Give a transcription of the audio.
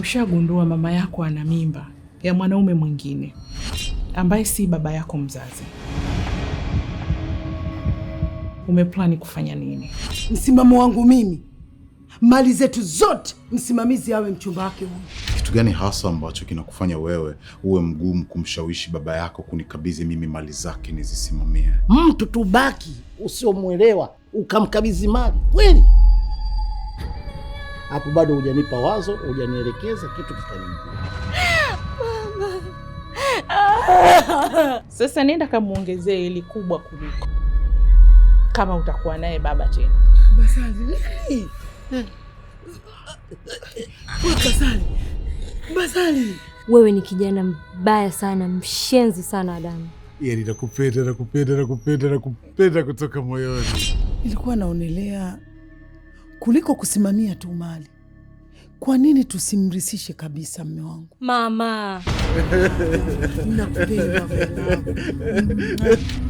ushagundua mama yako ana mimba ya mwanaume mwingine ambaye si baba yako mzazi, umeplani kufanya nini? Msimamo wangu mimi, mali zetu zote msimamizi awe mchumba wake huyu. Kitu gani hasa ambacho kinakufanya wewe uwe mgumu kumshawishi baba yako kunikabidhi mimi mali zake nizisimamie? Mtu tubaki usiomwelewa ukamkabidhi mali kweli? hapo bado hujanipa wazo, hujanielekeza kitu kikanijia. Sasa nenda kamuongezee ili kubwa kuliko kama utakuwa naye baba tena. Basali, Basali, Basali, wewe ni kijana mbaya sana, mshenzi sana Adamu. Yaani nakupenda, nakupenda, nakupenda, nakupenda kutoka moyoni. Nilikuwa naonelea kuliko kusimamia tu mali. Kwa nini tusimrisishe kabisa mme wangu? Mama, nakupenda